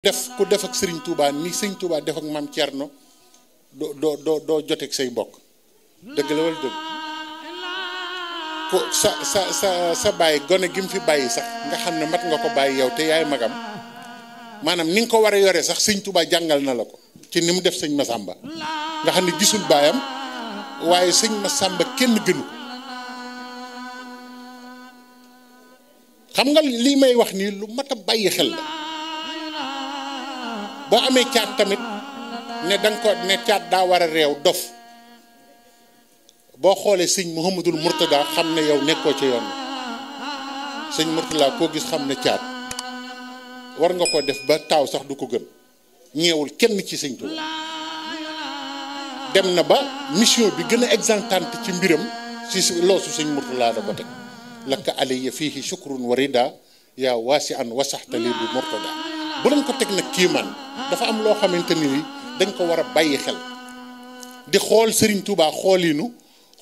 def ku def ak sëriñ Touba ni sëriñ Touba def ak maam Thierno doo doo doo doo joteeg say bokk dëgg la wala dëgg ko sa sa sa sa bàyyi gone gi mu fi bàyyi sax nga xam ne mat nga ko bàyyi yow te yaay magam maanaam ni ko war a yore sax sëriñ Touba jàngal na la ko ci ni mu def sëñ Massamba nga xam ne gisul baayam waaye sëñ ma Massamba kenn gënu xam nga lii may wax nii lu mat a bàyyi xel la. boo amee caat tamit ne da nga ko ne caat daa war a réew dof boo xoolee sëñ Mouhamadul Mourtada xam ne yow nekkoo ci yoon sëñ Mourtada koo gis xam ne caat war nga koo def ba taaw sax du ko gën ñeewul kenn ci sëñ Tuubaa dem na ba mission bi gën a exemptante ci mbiram si loosu sëñ Mourtada da ko teg lakka alayya fiihi shukrun wa rida yaa waasi an wasaxtali bi Mourtada bu leen ko teg nag man dafa am loo xamante ni dañ ko war a bàyyi xel di xool Serigne Touba xooliinu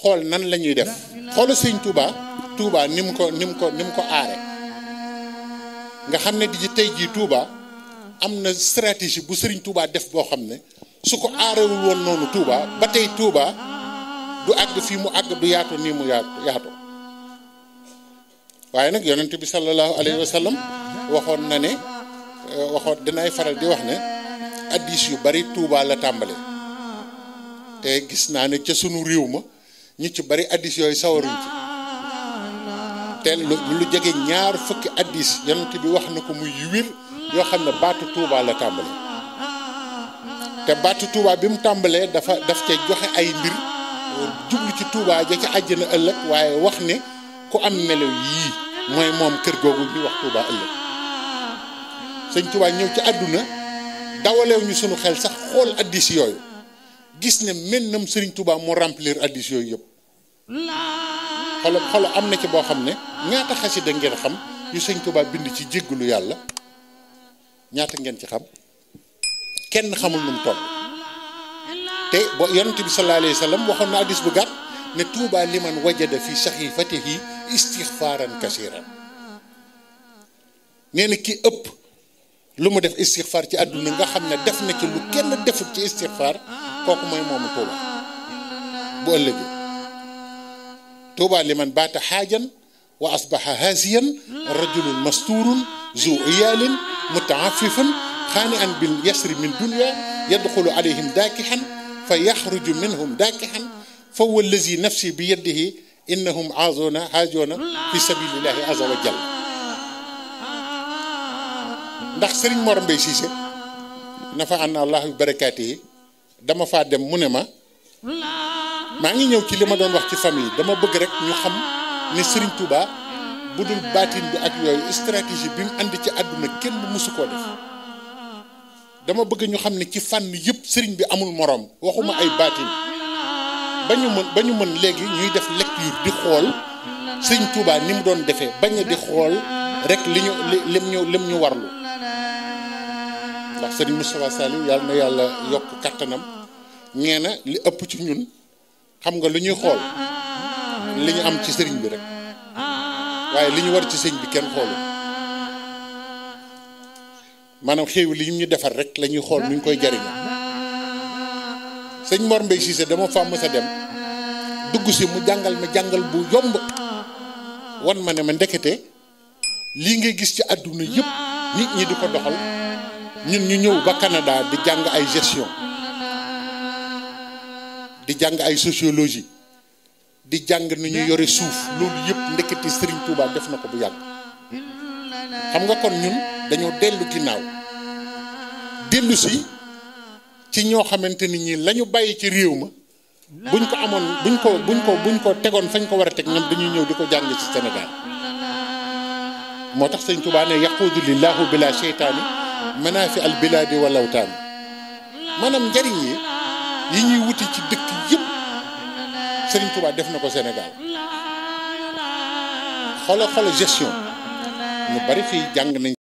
xool nan la ñuy def xoolu Serigne Touba Touba ni mu ko ni mu ko ni aare nga xam ne di tey jii Touba am na stratégie bu sëriñ Touba def boo xam ne su ko aarewul woon noonu Touba ba tey Touba du àgg fii mu àgg du yaatu nii mu yaatu waaye nag yonent bi sallallahu alayhi wa sallam waxoon na ne. waxoon dinaay faral di wax ne addis yu bari Touba la tàmbale te gis naa ne ca sunu réew ma ñi ci bari addis yooyu sawaruñ ci te lu jege ñaar fukki addis yonent bi wax na ko muy wir yoo xam ne baatu Touba la tàmbale te baatu Touba bi mu tàmbalee dafa daf cay joxe ay mbir jublu ci tuubaa ja ca àjjana ëllëg waaye wax ne ku am melo yii mooy moom kër googu ñuy wax Touba ëllëg sëñ Tuubaa ñëw ci àdduna dawaleew ñu sunu xel sax xool addis yooyu gis ne mennam sëriñ Tuubaa moo remplir addis yooyu yëpp xolo xolo am na ci boo xam ne ñaata xasida ngeen xam yu sëñ Tuubaa bind ci jéggulu yàlla ñaata ngeen ci xam kenn xamul nu mu toll te ba yonent bi sallallahu alayhi wa sallam waxoon addis bu gàtt ne Tuubaa liman wajada fi saxifatihi istixfaaran kasiran nee na ki ëpp lu mu def istighfar ci aduna nga xamne def na ci lu kenn defut ci istighfar kooku moy momu toba bu ëllëgë toba li man baata xaajan wa asbaha haasiyan rajulun masturun zu iyalin mutaaffifan khani'an bil yasri min dunya yadkhulu alayhim daakixan fa yakhruju minhum daakixan fa wallazi nafsi bi yadihi innahum aazoona haajoona fi sabilillahi azza wa jalla ndax sëriñ Mor Mbaye Cissé nafa an allah bi barakaati yi dama faa dem mu ne ma maa ngi ñëw ci li ma doon wax ci famille dama bëgg rek ñu xam ne sëriñ Touba bu dul baatin bi ak yooyu stratégie bi mu ànd ci àdduna kenn mësu koo def dama bëgg ñu xam ne ci fànn yëpp sëriñ bi amul moroom waxuma ay baatin ba ñu mën léegi ñuy def lecture di xool sëriñ Touba ni mu doon defee bañ a di xool rek li ñu lim ñu lim ñu warlu ndax sëriñ Moustapha Saliou yàlla na yàlla yokk kattanam nee na li ëpp ci ñun xam nga lu ñuy xool li ñu am ci sëriñ bi rek waaye li ñu war ci sëriñ bi kenn xoolu maanaam xéew li ñu defar rek la ñuy xool nu ñu koy jariñoo sëñ Mor Mbaye Cissé dama fàmm sa dem dugg si mu jàngal ma jàngal bu yomb wan ma ne ma ndekete lii ngay gis ci àdduna yëpp nit ñi di ko doxal ñun ñu ñëw ba Canada di jàng ay gestion di jàng ay sociologie di jàng ni ñu yore suuf loolu yëpp ndeketi Serigne Touba def na ko bu yàgg xam nga kon ñun dañoo dellu ginnaaw dellu si ci ñoo xamante ni ñi lañu ñu bàyyi ci réew ma buñ ko amoon buñ ko buñ ko buñ ko tegoon fañ ko war a teg ñoom dañuy ñëw di ko jàng ci Sénégal moo tax Serigne Touba ne yaquudu lillaahu bila sheytaani manaafi al bilaadi walawtaan maanaam njariñ yi yi ñuy wuti ci dëkk yëpp Serigne Touba def na ko Sénégal xolo xolo gestion ñu bari fii jàng nañ